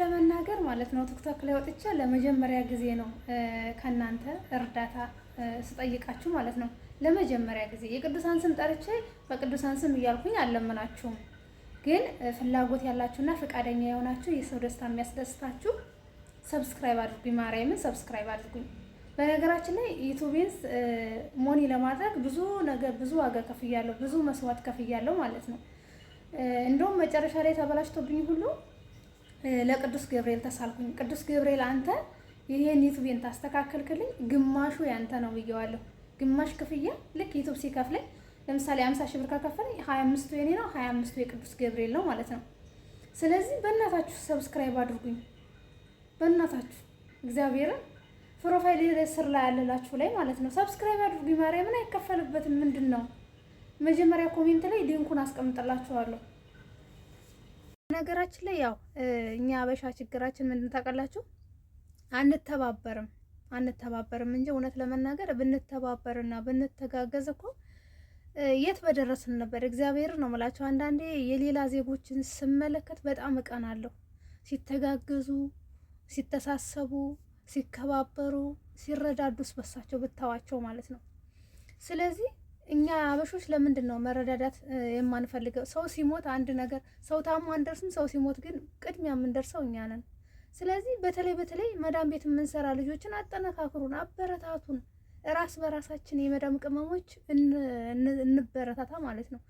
ለመናገር ማለት ነው ቲክቶክ ላይ ወጥቼ ለመጀመሪያ ጊዜ ነው ከእናንተ እርዳታ ስጠይቃችሁ ማለት ነው። ለመጀመሪያ ጊዜ የቅዱሳን ስም ጠርቼ በቅዱሳን ስም እያልኩኝ አልለምናችሁም። ግን ፍላጎት ያላችሁና ፈቃደኛ የሆናችሁ የሰው ደስታ የሚያስደስታችሁ ሰብስክራይብ አድርጉኝ፣ ማርያምን ሰብስክራይብ አድርጉኝ። በነገራችን ላይ ዩቱቤንስ ሞኒ ለማድረግ ብዙ ነገር ብዙ ዋጋ ከፍያለሁ፣ ብዙ መስዋዕት ከፍያለሁ ማለት ነው። እንደውም መጨረሻ ላይ ተበላሽቶብኝ ሁሉ ለቅዱስ ገብርኤል ተሳልኩኝ። ቅዱስ ገብርኤል አንተ ይሄን ዩቱቤን ታስተካከልክልኝ፣ ግማሹ ያንተ ነው ብየዋለሁ። ግማሽ ክፍያ ልክ ዩቱብ ሲከፍለኝ ለምሳሌ 50 ሺህ ብር ከከፈለኝ 25 የኔ ነው፣ 25ቱ የቅዱስ ገብርኤል ነው ማለት ነው። ስለዚህ በእናታችሁ ሰብስክራይብ አድርጉኝ፣ በእናታችሁ እግዚአብሔርን ፕሮፋይል ስር ላይ ያለላችሁ ላይ ማለት ነው ሰብስክራይብ አድርጉኝ። ማርያምን አይከፈልበትም። ምንድን ነው መጀመሪያ ኮሜንት ላይ ሊንኩን አስቀምጥላችኋለሁ። ነገራችን ላይ ያው እኛ አበሻ ችግራችን ምንድን ታውቃላችሁ? አንተባበርም አንተባበርም እንጂ እውነት ለመናገር ብንተባበርና ብንተጋገዝ እኮ የት በደረስን ነበር። እግዚአብሔር ነው የምላቸው። አንዳንዴ የሌላ ዜጎችን ስመለከት በጣም እቀናለሁ። ሲተጋገዙ፣ ሲተሳሰቡ፣ ሲከባበሩ፣ ሲረዳዱ በሳቸው ብታዋቸው ማለት ነው። ስለዚህ እኛ አበሾች ለምንድን ነው መረዳዳት የማንፈልገው? ሰው ሲሞት አንድ ነገር፣ ሰው ታሞ አንደርስም። ሰው ሲሞት ግን ቅድሚያ የምንደርሰው እኛ ነን። ስለዚህ በተለይ በተለይ መዳም ቤት የምንሰራ ልጆችን አጠነካክሩን፣ አበረታቱን። ራስ በራሳችን የመዳም ቅመሞች እንበረታታ ማለት ነው።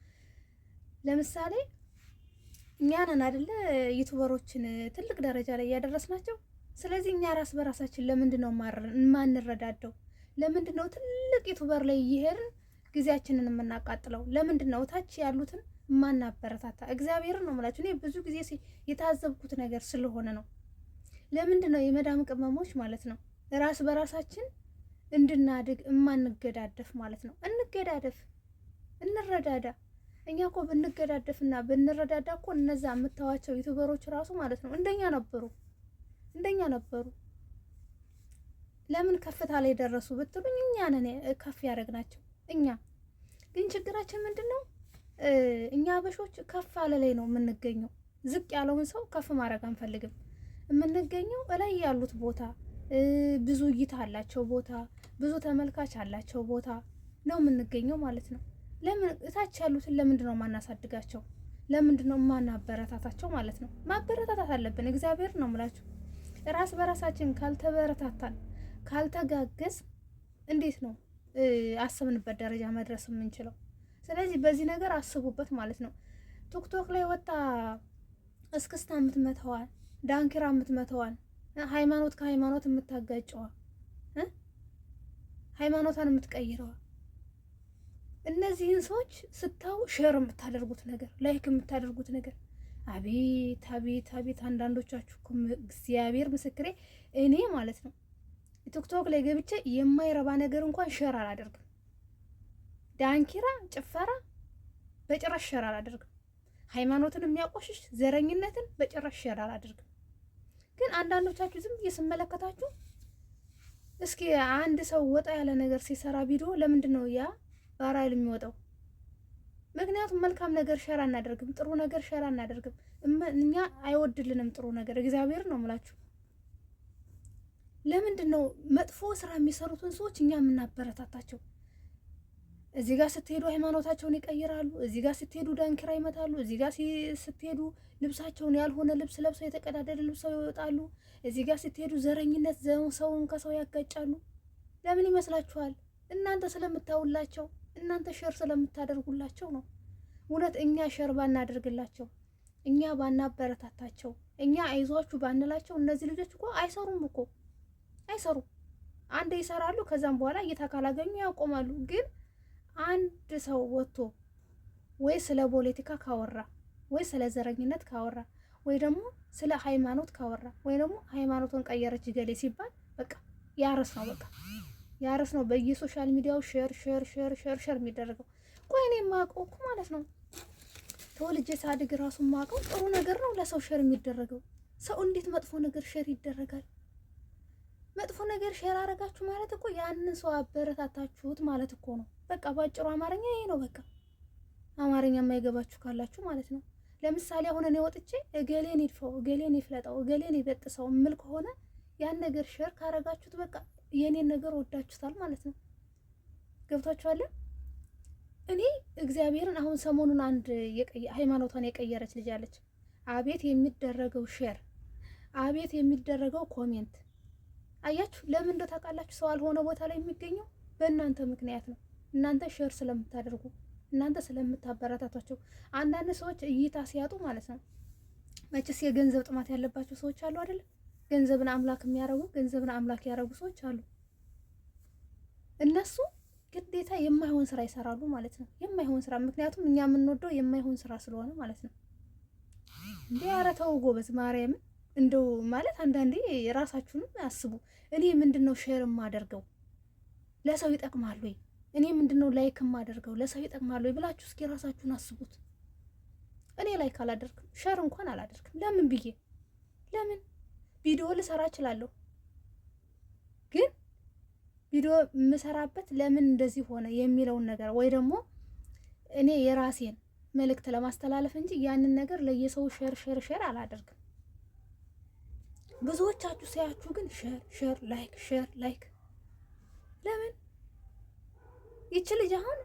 ለምሳሌ እኛ ነን አይደለ ዩቱበሮችን ትልቅ ደረጃ ላይ እያደረስናቸው። ስለዚህ እኛ ራስ በራሳችን ለምንድን ነው የማንረዳደው? ለምንድን ነው ትልቅ ዩቱበር ላይ እየሄድን ጊዜያችንን የምናቃጥለው? ለምንድን ነው ታች ያሉትን ማናበረታታ? እግዚአብሔርን ነው የምላችሁ። እኔ ብዙ ጊዜ የታዘብኩት ነገር ስለሆነ ነው። ለምንድን ነው የመዳም ቅመሞች ማለት ነው ራስ በራሳችን እንድናድግ እማንገዳደፍ ማለት ነው። እንገዳደፍ፣ እንረዳዳ። እኛ እኮ ብንገዳደፍና ብንረዳዳ እኮ እነዛ የምታዋቸው ዩቱበሮች ራሱ ማለት ነው እንደኛ ነበሩ፣ እንደኛ ነበሩ። ለምን ከፍታ ላይ ደረሱ ብትሉኝ እኛ ነን ከፍ ያደረግናቸው። እኛ ግን ችግራችን ምንድን ነው? እኛ አበሾች ከፍ አለ ላይ ነው የምንገኘው። ዝቅ ያለውን ሰው ከፍ ማድረግ አንፈልግም። የምንገኘው እላይ ያሉት ቦታ ብዙ እይታ አላቸው ቦታ ብዙ ተመልካች አላቸው ቦታ ነው የምንገኘው ማለት ነው። ለምን እታች ያሉትን ለምንድን ነው የማናሳድጋቸው? ለምንድን ነው የማናበረታታቸው ማለት ነው? ማበረታታት አለብን። እግዚአብሔር ነው የምላችሁ። ራስ በራሳችን ካልተበረታታን ካልተጋገዝ እንዴት ነው አሰብንበት ደረጃ መድረስ የምንችለው። ስለዚህ በዚህ ነገር አስቡበት ማለት ነው። ቲክቶክ ላይ ወጣ እስክስታ የምትመተዋል፣ ዳንኪራ የምትመተዋል፣ ሃይማኖት ከሃይማኖት የምታጋጨዋ፣ ሃይማኖቷን የምትቀይረዋ እነዚህን ሰዎች ስታው ሼር የምታደርጉት ነገር ላይክ የምታደርጉት ነገር አቤት አቤት አቤት! አንዳንዶቻችሁ እግዚአብሔር ምስክሬ እኔ ማለት ነው ቲክቶክ ላይ ገብቼ የማይረባ ነገር እንኳን ሸር አላደርግም። ዳንኪራ ጭፈራ በጭራሽ ሸር አላደርግም። ሃይማኖትን የሚያቆሽሽ ዘረኝነትን በጭራሽ ሸር አላደርግም። ግን አንዳንዶቻችሁ ዝም እየስመለከታችሁ ስመለከታችሁ እስኪ አንድ ሰው ወጣ ያለ ነገር ሲሰራ ቪዲዮ ለምንድን ነው ያ ቫይራል የሚወጣው? ምክንያቱም መልካም ነገር ሸር አናደርግም፣ ጥሩ ነገር ሸር አናደርግም። እኛ አይወድልንም ጥሩ ነገር እግዚአብሔር ነው የምላችሁ። ለምንድን ነው መጥፎ ስራ የሚሰሩትን ሰዎች እኛ የምናበረታታቸው? እዚህ ጋር ስትሄዱ ሃይማኖታቸውን ይቀይራሉ። እዚህ ጋር ስትሄዱ ዳንኪራ ይመታሉ። እዚህ ጋር ስትሄዱ ልብሳቸውን ያልሆነ ልብስ ለብሰው የተቀዳደደ ልብሰው ይወጣሉ። እዚህ ጋር ስትሄዱ ዘረኝነት ሰውን ከሰው ያጋጫሉ። ለምን ይመስላችኋል? እናንተ ስለምታውላቸው፣ እናንተ ሸር ስለምታደርጉላቸው ነው። እውነት እኛ ሸር ባናደርግላቸው፣ እኛ ባናበረታታቸው፣ እኛ አይዟችሁ ባንላቸው እነዚህ ልጆች እኮ አይሰሩም እኮ አይሰሩ አንዴ ይሰራሉ፣ ከዛም በኋላ እይታ ካላገኙ ያቆማሉ። ግን አንድ ሰው ወጥቶ ወይ ስለ ፖለቲካ ካወራ ወይ ስለ ዘረኝነት ካወራ ወይ ደግሞ ስለ ሃይማኖት ካወራ ወይ ደግሞ ሃይማኖቱን ቀየረች ገሌ ሲባል በቃ ያረስ ነው በቃ ያረስ ነው። በየሶሻል ሚዲያው ሼር ሼር ሼር ሼር ሼር የሚደረገው ቆይ እኔ የማውቀው እኮ ማለት ነው ተወልጄ ሳድግ ራሱ የማውቀው ጥሩ ነገር ነው ለሰው ሼር የሚደረገው። ሰው እንዴት መጥፎ ነገር ሼር ይደረጋል? መጥፎ ነገር ሼር አረጋችሁ ማለት እኮ ያንን ሰው አበረታታችሁት ማለት እኮ ነው። በቃ ባጭሩ አማርኛ ይሄ ነው። በቃ አማርኛ የማይገባችሁ ካላችሁ ማለት ነው። ለምሳሌ አሁን እኔ ወጥቼ እገሌን ይድፈው፣ እገሌን ይፍለጠው፣ እገሌን ይበጥሰው ምል ከሆነ ያን ነገር ሼር ካረጋችሁት በቃ የኔን ነገር ወዳችሁታል ማለት ነው። ገብቷችኋል? እኔ እግዚአብሔርን አሁን ሰሞኑን አንድ ሃይማኖቷን የቀየረች ልጅ አለች። አቤት የሚደረገው ሼር፣ አቤት የሚደረገው ኮሜንት አያችሁ፣ ለምን እንደ ታውቃላችሁ ሰው አልሆነ ቦታ ላይ የሚገኘው በእናንተ ምክንያት ነው። እናንተ ሼር ስለምታደርጉ፣ እናንተ ስለምታበረታቷቸው አንዳንድ ሰዎች እይታ ሲያጡ ማለት ነው። መቼስ የገንዘብ ጥማት ያለባቸው ሰዎች አሉ አይደል? ገንዘብን አምላክ የሚያረጉ ገንዘብን አምላክ ያረጉ ሰዎች አሉ። እነሱ ግዴታ የማይሆን ስራ ይሰራሉ ማለት ነው። የማይሆን ስራ ምክንያቱም እኛ የምንወደው የማይሆን ስራ ስለሆነ ማለት ነው። እንዴ ኧረ ተው ጎበዝ ማርያምን እንደው ማለት አንዳንዴ የራሳችሁንም አስቡ። እኔ ምንድን ነው ሼር የማደርገው ለሰው ይጠቅማል ወይ? እኔ ምንድን ነው ላይክ የማደርገው ለሰው ይጠቅማል ወይ ብላችሁ እስኪ ራሳችሁን አስቡት። እኔ ላይክ አላደርግም፣ ሼር እንኳን አላደርግም። ለምን ብዬ ለምን ቪዲዮ ልሰራ እችላለሁ፣ ግን ቪዲዮ የምሰራበት ለምን እንደዚህ ሆነ የሚለውን ነገር ወይ ደግሞ እኔ የራሴን መልእክት ለማስተላለፍ እንጂ ያንን ነገር ለየሰው ሼር ሼር ሼር አላደርግም። ብዙዎቻችሁ ሳያችሁ ግን ሸር ሸር ላይክ ሸር ላይክ ለምን ይቺ ልጅ አሁን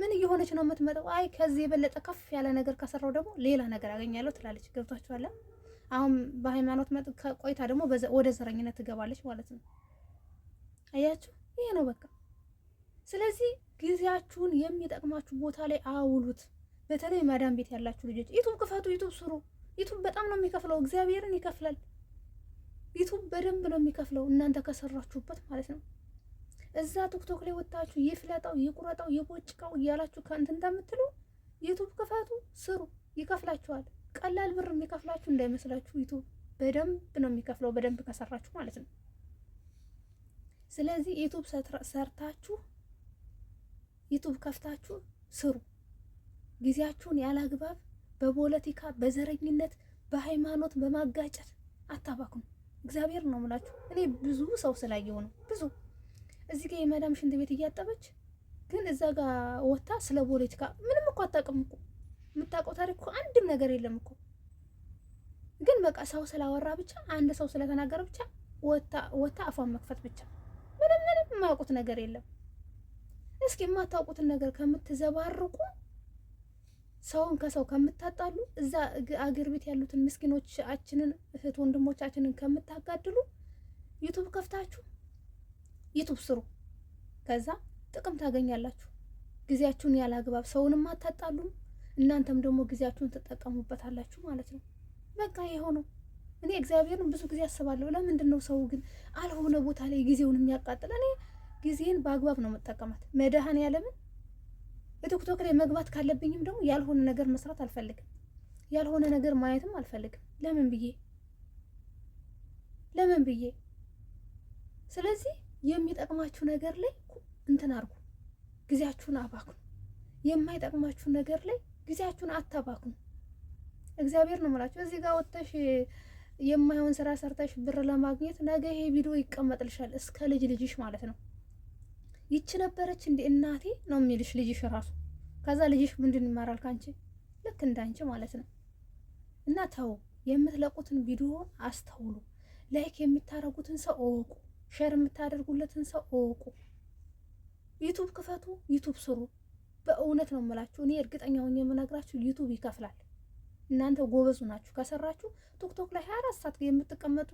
ምን እየሆነች ነው የምትመጣው? አይ ከዚህ የበለጠ ከፍ ያለ ነገር ከሰራው ደግሞ ሌላ ነገር አገኛለሁ ትላለች። ገብቷችኋል? አሁን በሃይማኖት ከቆይታ ደግሞ ወደ ዘረኝነት ትገባለች ማለት ነው። አያችሁ፣ ይሄ ነው በቃ። ስለዚህ ጊዜያችሁን የሚጠቅማችሁ ቦታ ላይ አውሉት። በተለይ ማዳም ቤት ያላችሁ ልጆች ዩቱብ ክፈቱ፣ ዩቱብ ስሩ። ዩቱብ በጣም ነው የሚከፍለው፣ እግዚአብሔርን ይከፍላል። ቤቱ በደንብ ነው የሚከፍለው፣ እናንተ ከሰራችሁበት ማለት ነው። እዛ ቲክቶክ ላይ ወጣችሁ ይፍለጠው፣ ይቁረጠው፣ ይቦጭቀው እያላችሁ ከእንትን እንደምትሉ ዩቱብ ክፈቱ፣ ስሩ፣ ይከፍላችኋል። ቀላል ብር የሚከፍላችሁ እንዳይመስላችሁ፣ ዩቱብ በደንብ ነው የሚከፍለው፣ በደንብ ከሰራችሁ ማለት ነው። ስለዚህ ዩቱብ ሰርታችሁ ዩቱብ ከፍታችሁ ስሩ። ጊዜያችሁን ያላግባብ በፖለቲካ በዘረኝነት በሃይማኖት በማጋጨት አታባክኑ። እግዚአብሔር ነው የምላችሁ። እኔ ብዙ ሰው ስላየው ነው ብዙ እዚህ ጋር የማዳም ሽንት ቤት እያጠበች ግን እዛ ጋር ወታ ስለ ፖለቲካ ምንም እኮ አታውቅም እኮ የምታውቀው ታሪክ እኮ አንድም ነገር የለም እኮ። ግን በቃ ሰው ስላወራ ብቻ አንድ ሰው ስለተናገረ ብቻ ወታ አፏን መክፈት ብቻ ምንም ምንም የማያውቁት ነገር የለም። እስኪ የማታውቁትን ነገር ከምትዘባርቁ ሰውን ከሰው ከምታጣሉ እዛ አገር ቤት ያሉትን ምስኪኖቻችንን እህት ወንድሞቻችንን ከምታጋድሉ ዩቱብ ከፍታችሁ ዩቱብ ስሩ። ከዛ ጥቅም ታገኛላችሁ። ጊዜያችሁን ያለ አግባብ ሰውንም አታጣሉም፣ እናንተም ደግሞ ጊዜያችሁን ትጠቀሙበታላችሁ ማለት ነው። በቃ የሆነው እኔ እግዚአብሔርን ብዙ ጊዜ አስባለሁ። ለምንድን ነው ሰው ግን አልሆነ ቦታ ላይ ጊዜውን የሚያቃጥል? እኔ ጊዜን በአግባብ ነው የምጠቀማት መድኃኔ ያለምን? በቲክቶክ ላይ መግባት ካለብኝም ደግሞ ያልሆነ ነገር መስራት አልፈልግም። ያልሆነ ነገር ማየትም አልፈልግም። ለምን ብዬ ለምን ብዬ ስለዚህ የሚጠቅማችሁ ነገር ላይ እንትን አርጉ፣ ጊዜያችሁን አባክኑ። የማይጠቅማችሁ ነገር ላይ ጊዜያችሁን አታባክኑ። እግዚአብሔር ነው የምላችሁ። እዚህ ጋር ወጥተሽ የማይሆን ስራ ሰርተሽ ብር ለማግኘት ነገ ይሄ ቪዲዮ ይቀመጥልሻል፣ እስከ ልጅ ልጅሽ ማለት ነው። ይቺ ነበረች እንደ እናቴ ነው የሚልሽ ልጅሽ ራሱ። ከዛ ልጅሽ ምንድን ይማራል ካንቺ ልክ እንዳንቺ ማለት ነው። እና ተው የምትለቁትን ቪዲዮ አስተውሉ። ላይክ የምታደርጉትን ሰው እወቁ። ሼር የምታደርጉለትን ሰው እወቁ። ዩቱብ ክፈቱ፣ ዩቱብ ስሩ። በእውነት ነው የምላችሁ። እኔ እርግጠኛ ሆኜ የምነግራችሁ ዩቱብ ይከፍላል። እናንተ ጎበዙ ናችሁ ከሰራችሁ። ቲክቶክ ላይ ሀያ አራት ሰዓት የምትቀመጡ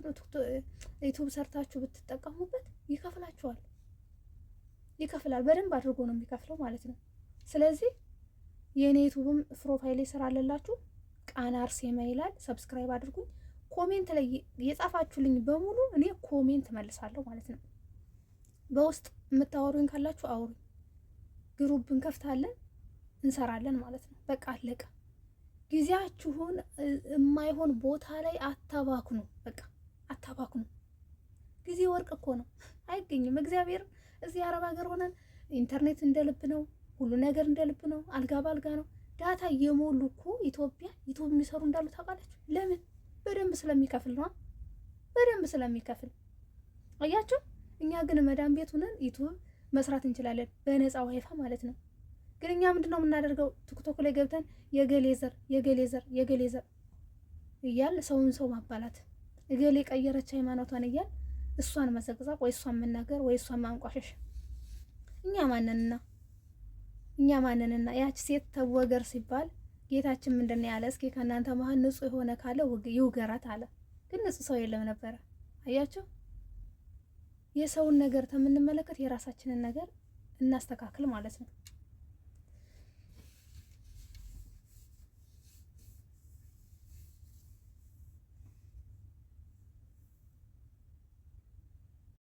ዩቱብ ሰርታችሁ ብትጠቀሙበት ይከፍላችኋል። ይከፍላል። በደንብ አድርጎ ነው የሚከፍለው ማለት ነው። ስለዚህ የእኔ ዩቱብም ፕሮፋይል ስራ አለላችሁ ቃና አርሴማ ይላል። ሰብስክራይብ አድርጉኝ። ኮሜንት ላይ የጻፋችሁልኝ በሙሉ እኔ ኮሜንት መልሳለሁ ማለት ነው። በውስጥ የምታወሩኝ ካላችሁ አውሩኝ። ግሩብ እንከፍታለን እንሰራለን ማለት ነው። በቃ አለቀ። ጊዜያችሁን የማይሆን ቦታ ላይ አታባክኑ። በቃ አታባክኑ። ጊዜ ወርቅ እኮ ነው፣ አይገኝም እግዚአብሔር እዚህ አረብ ሀገር ሆነን ኢንተርኔት እንደ ልብ ነው፣ ሁሉ ነገር እንደ ልብ ነው፣ አልጋ በአልጋ ነው። ዳታ እየሞሉ እኮ ኢትዮጵያ ዩቱብ የሚሰሩ እንዳሉ ታውቃለች። ለምን? በደንብ ስለሚከፍል ነው። በደንብ ስለሚከፍል አያችሁ። እኛ ግን መዳን ቤት ሆነን ዩቱብ መስራት እንችላለን፣ በነፃ ዋይፋ ማለት ነው። ግን እኛ ምንድነው ነው የምናደርገው? ቲክቶክ ላይ ገብተን የገሌዘር የገሌዘር የገሌዘር እያል ሰውን ሰው ማባላት እገሌ ቀየረች ሃይማኖቷን እያል እሷን መዘግዛቅ ወይ እሷን መናገር ወይ እሷን ማንቋሸሽ እኛ ማንንና እኛ ማንንና ያች ሴት ተወገር ሲባል ጌታችን ምንድን ነው ያለ? እስኪ ከእናንተ መሀል ንጹሕ የሆነ ካለ ይውገራት አለ። ግን ንጹሕ ሰው የለም ነበረ። አያችሁ የሰውን ነገር ተምንመለከት የራሳችንን ነገር እናስተካክል ማለት ነው።